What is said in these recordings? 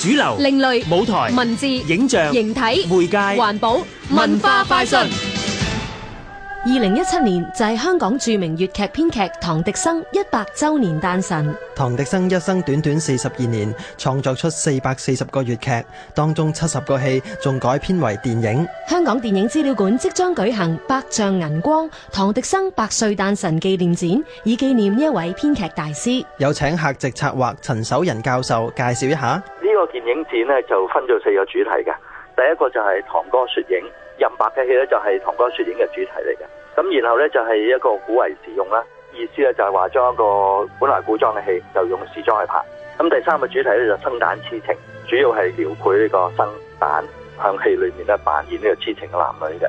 主流、另類舞台、文字、影像、形體、媒介、環保、文化快訊。二零一七年就係香港著名粵劇編劇唐迪生一百周年誕辰。唐迪生一生短短四十二年，創作出四百四十個粵劇，當中七十個戲仲改編為電影。香港電影資料館即將舉行百丈銀光唐迪生百歲誕辰紀念展，以紀念呢一位編劇大師。有請客席策劃陳守仁教授介紹一下。個電影展咧，就分咗四個主題嘅，第一個就係唐歌雪影，任白嘅戲咧，就係唐歌雪影嘅主題嚟嘅。咁然後咧，就係一個古為時用啦，意思咧，就係話將一個本來古裝嘅戲就用時裝去拍。咁第三個主題咧，就生旦癡情，主要係描繪呢個生旦喺戲裏面咧，扮演呢個癡情嘅男女嘅。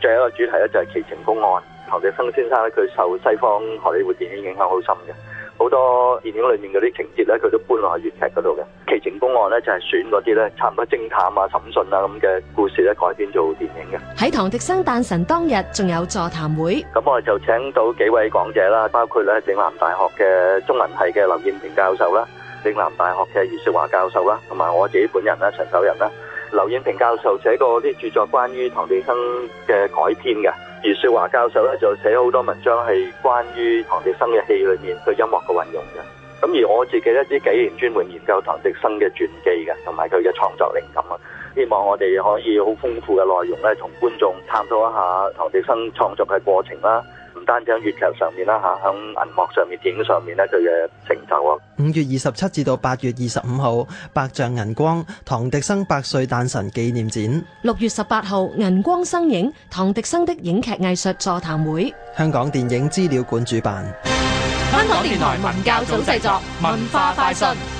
最後一個主題咧，就係奇情公案。唐滌生先生咧，佢受西方荷里活電影影響好深嘅。好多電影裏面嗰啲情節咧，佢都搬落去粵劇嗰度嘅。奇情公案咧，就係選嗰啲咧，差唔多偵探啊、審訊啊咁嘅故事咧，改編做電影嘅。喺唐迪生誕辰當日，仲有座談會。咁我哋就請到幾位講者啦，包括咧嶺南大學嘅中文系嘅劉燕平教授啦，嶺南大學嘅余少華教授啦，同埋我自己本人啦，陳守仁啦。劉燕平教授寫過啲著作關於唐迪生嘅改編嘅。而少華教授咧就寫咗好多文章係關於唐迪生嘅戲裏面對音樂嘅運用嘅，咁而我自己呢啲幾年專門研究唐迪生嘅傳記嘅，同埋佢嘅創作靈感啊。希望我哋可以好豐富嘅內容咧，同觀眾探討一下唐迪生創作嘅過程啦，唔單止喺粵劇上面啦，吓喺銀幕上面、電影上面咧，佢嘅成就。五月二十七至到八月二十五號，百丈銀光唐迪生百歲誕辰紀念展。六月十八號，銀光生影唐迪生的影劇藝術座談會，香港電影資料館主辦。香港電台文教組製作，文，製作，文化快訊。